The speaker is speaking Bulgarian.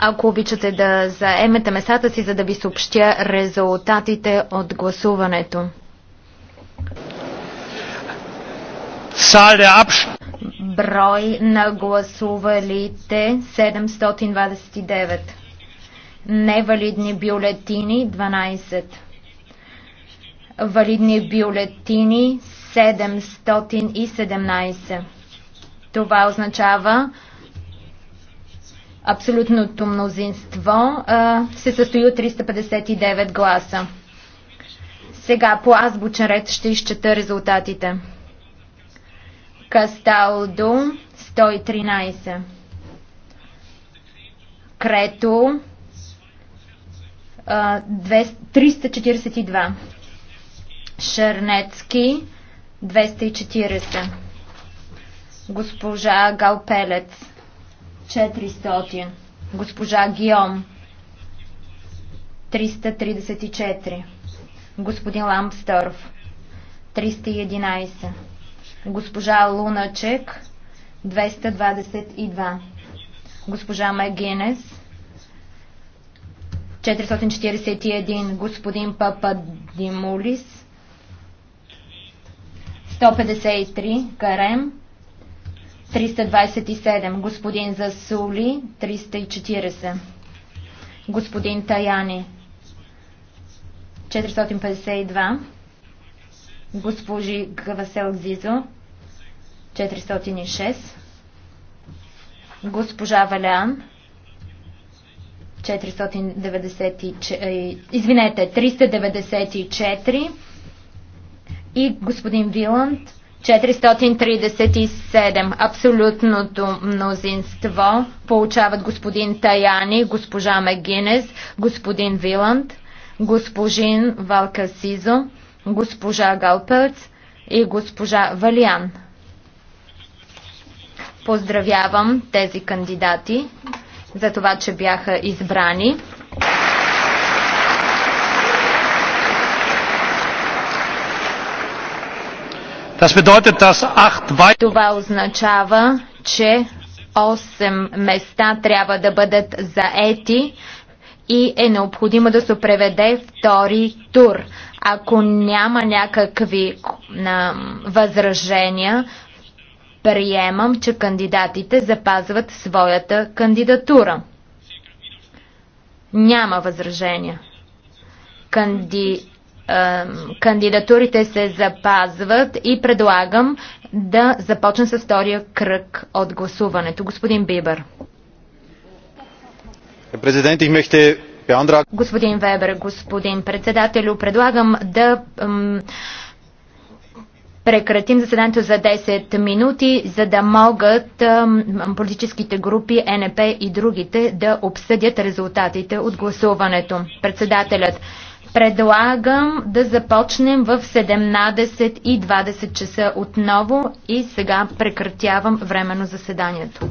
Ако обичате да заемете местата си, за да ви съобщя резултатите от гласуването. Брой на гласувалите 729. Невалидни бюлетини 12. Валидни бюлетини 717. Това означава абсолютното мнозинство се състои от 359 гласа. Сега по азбучен ред ще изчета резултатите. Касталдо 113. Крето 342. Шернецки 240. Госпожа Галпелец 400. Госпожа Гиом 334. Господин Ламстърф 311. Госпожа Луначек 222. Госпожа Магенес 441. Господин Пападимулис 153. Карем 327. Господин Засули 340. Господин Таяни 452. Госпожи Гавасел Зизо 406. Госпожа Валян 494, извинете, 394 и господин Виланд 437. Абсолютното мнозинство получават господин Таяни, госпожа Магинес, господин Виланд, госпожин Валка Сизо, госпожа Галпелц и госпожа Валиан. Поздравявам тези кандидати за това, че бяха избрани. Това означава, че 8 места трябва да бъдат заети и е необходимо да се преведе втори тур. Ако няма някакви на, възражения, приемам, че кандидатите запазват своята кандидатура. Няма възражения. Канди кандидатурите се запазват и предлагам да започна с втория кръг от гласуването. Господин Бибър. Господин Вебер, господин председателю, предлагам да прекратим заседанието за 10 минути, за да могат политическите групи НП и другите да обсъдят резултатите от гласуването. Председателят Предлагам да започнем в 17 и 20 часа отново и сега прекратявам временно заседанието.